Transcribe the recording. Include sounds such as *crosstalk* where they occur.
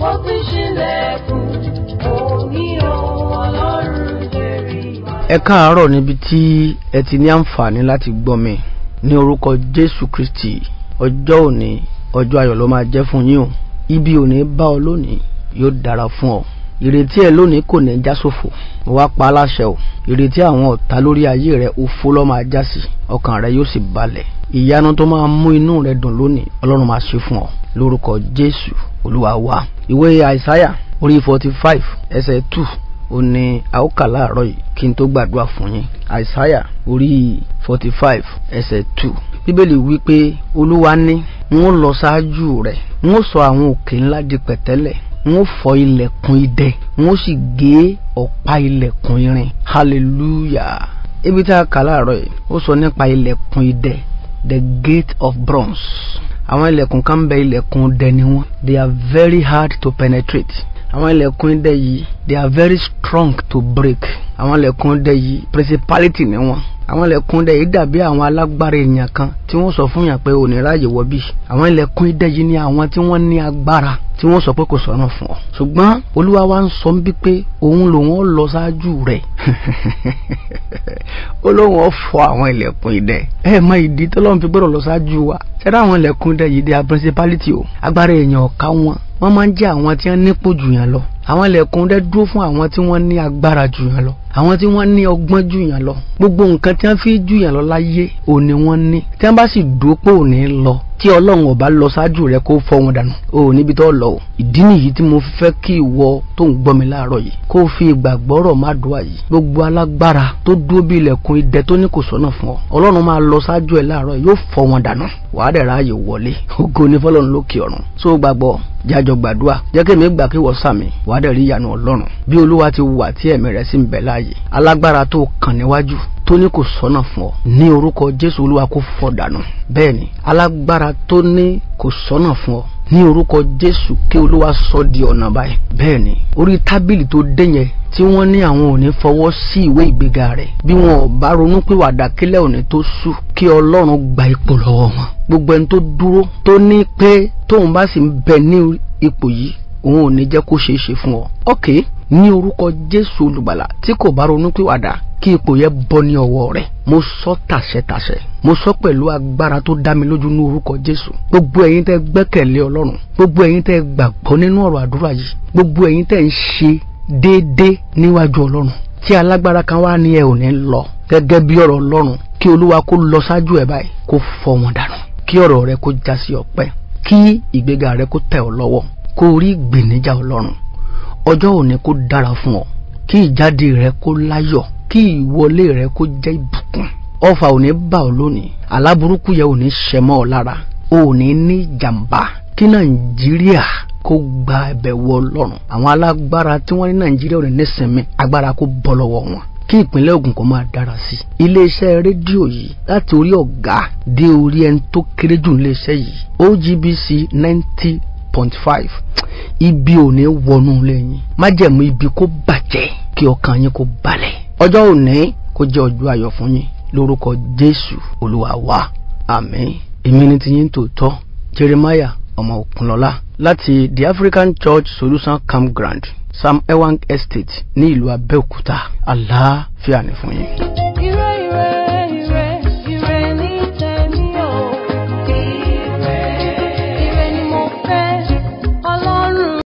mo ti ṣílẹ̀kùn òní ohun ọlọ́run jèrè. ẹ káàárọ̀ níbi tí ẹ ti ní àǹfààní láti gbọ́ mi ní orúkọ jésù kristi ọjọ́ òní ọjọ́ ayọ̀ ló máa jẹ́ fún yín o ibi òní bá ọ lónìí yóò dára fún ọ ìrètí ẹ lónìí kò ní já sófo wá pa á láṣẹ o ìrètí àwọn ọ̀tá lórí ayé rẹ òfo ló máa já sí ọkàn rẹ yóò sì balẹ̀ ìyanu tó máa mú inú rẹ dùn lónìí ọlọ́run máa ṣe fún ọ lórúkọ jésù olúwa wa ìwé àìsáyà orí forty five ẹsẹ̀ two ó ní a ó kà láàárọ̀ yìí kí n tó gbàdúrà fún yín àìsáyà orí forty five ẹsẹ̀ two bíbélì wípé olúwa ní n ó lọ ṣáájú rẹ n sọ àwọn òkè ńlá di pẹ̀tẹ́lẹ̀ wọ́n fọ́ ilẹ̀kùn idẹ wọ́n sì gé ọ̀pá ilẹ̀kùn irin hallelujah ibi tá a kà láàárọ̀ yìí ó sọ nípa ilẹ̀kùn idẹ the gate of bronze àwọn ilẹ̀kùn kan bẹ ilẹ̀kùn idẹ ni wọ́n they are very hard to penetrate àwọn ilẹ̀kùn idẹ yìí they are very strong to break àwọn ilẹ̀kùn idẹ yìí principality ni wọ́n àwọn ilẹ̀kùn dẹ̀ yìí dàbí àwọn alágbára èèyàn kan tí wọ́n sọ fún yàn pé ò ní ráàyè wọ bí àwọn ilẹ̀kùn dẹ̀ yìí ni àwọn tí wọ́n ní agbára tí wọ́n sọ pé kò sọ̀rọ̀ fún ọ. ṣùgbọ́n olúwa wa ń sọ bí pé òun lòun ó lọ ṣáájú rẹ̀ *laughs* ó lóun ó fọ àwọn ilẹ̀kùn ìdẹ ẹ mọ ìdí tọ́lọ́run fi gbọ́dọ̀ lọ ṣáájú wa ṣẹ́dá àwọn ilẹ̀kùn ìdẹ yìí di a principality o agbára èèyàn ọ̀ka wọn wọ́n máa ń jẹ́ àwọn tí wọ́n nípò jù yàn lọ àwọn ilẹ̀kùn ìdẹ dúró fún àwọn tí wọ́n ní agbára jù yàn lọ àwọn tí wọ́n ní ọgbọ́n jù yàn lọ gbogbo nǹkan tí wọ́n fi jù yàn lọ láyé òní wọ́n ní tí wọ́n bá sì dópò ní lọ tí ọlọ́run ọba lọ ṣáájú rẹ kó fọ́ wọn dànù o níbi tó lọ o ìdí nìyí tí mo fẹ́ kí ìwọ tó ń gbọ́ mi láàárọ̀ yìí kó fi ìgbàgbọ́ rọ̀ má dùn àyè gbogbo alágbára tó dúró bí ilẹ̀kùn idẹ tó ní kò sọ́nà fún ọ ọlọ́run máa lọ ṣáájú ẹ láàárọ̀ yóò fọ́ wọn dànù wàá dẹ̀ ráàyè wọlé ògo ní fọlọ́run lókè ọ̀run tó gbàgbọ́ jájọ gbàdúrà jẹ́ kí èmi gbà yìí alágbára tó kàn níwájú tó ní kò sọ́nà fún ọ ní orúkọ jésù olúwa kó fọ́ dànù bẹ́ẹ̀ ni alágbára tó ní kò sọ́nà fún ọ ní orúkọ jésù kí olúwa sọ di ọ̀nà báyìí bẹ́ẹ̀ ni orí tábìlì tó dé yẹn tí wọ́n ní àwọn ò ní fọwọ́ sí ìwé ìgbéga rẹ̀ bí wọn ò bá ronú pé wàdà kílẹ̀ òní tó sú kí ọlọ́run gba ipò lọ́wọ́ wọn gbogbo ẹni tó dúró tó ní pé tóun bá sì ń bẹ ní ipò yìí òun ò ní jẹ́ kó ṣeé ṣe fún ọ. okay ní orúkọ jésù olùgbàlà tí kò bá ronúpìwàdà kí ipò yẹn bọ́ ní ọwọ́ rẹ̀ mo sọ tàṣẹtàṣẹ mo sọ pẹ̀lú agbára tó dá mi lójú ní orúkọ jésù gbogbo ẹ̀yin tẹ́ gbẹ́kẹ̀lé ọlọ́run gbogbo ẹ̀yin tẹ́ gbàgbọ́ nínú ọ̀rọ̀ àdúrà yìí gbogbo ẹ̀yin tẹ́ ń ṣe déédéé níwájú ọlọ́run tí alágbára kan wá ní ẹ ò ní lọ gẹ́gẹ́ bí ọ̀rọ̀ ọlọ́run kí olúwa kó lọ ṣáájú ẹ̀ báyìí kó fọ́ wọn dànù kí ọ̀rọ̀ rẹ kó já sí ọpẹ́ kí ìgbéga rẹ kó tẹ̀ ọ́ lọ́wọ́ kó rí ìgbèníjà ọlọ́run ọjọ́ òní kó dára fún ọ kí ìjáde rẹ kó láyọ̀ kí ìwọlé rẹ kó jẹ́ ìbùkún ọfà òní bá ọ lónìí aláburúkú yẹ òní ṣẹ mọ́ ọ lára òní ní jàǹbá kí nàìjíríà kó gba ẹ̀bẹ̀ wọ ọlọ́run àwọn alágbára tí wọ́n ní nàìjíríà ò nísinmi agbára kó bọ́ lọ́wọ́ wọn kí ìpínlẹ̀ Ògùn kó máa dára sí i iléeṣẹ́ rédíò yìí láti orí ọ̀gá dé orí ẹni tó kéré jù iléeṣẹ́ yìí OGBC ninety point five ibi ò ní wọnú lẹ́yìn májẹ̀mú ibi kó bàjẹ́ kí ọkàn yín kó balẹ̀ ọjọ́ òní kó jẹ́ ọjọ́ ayọ̀ fún yín lórúkọ Jésù Olúwa wa èmi ni tiyín tòótọ́ Jeremiah ọmọ Òkunlọ́lá láti the African Church Solution Campground Sam Ewang Estate ní ìlú Abẹ́òkúta àlàáfíà ni fún yín.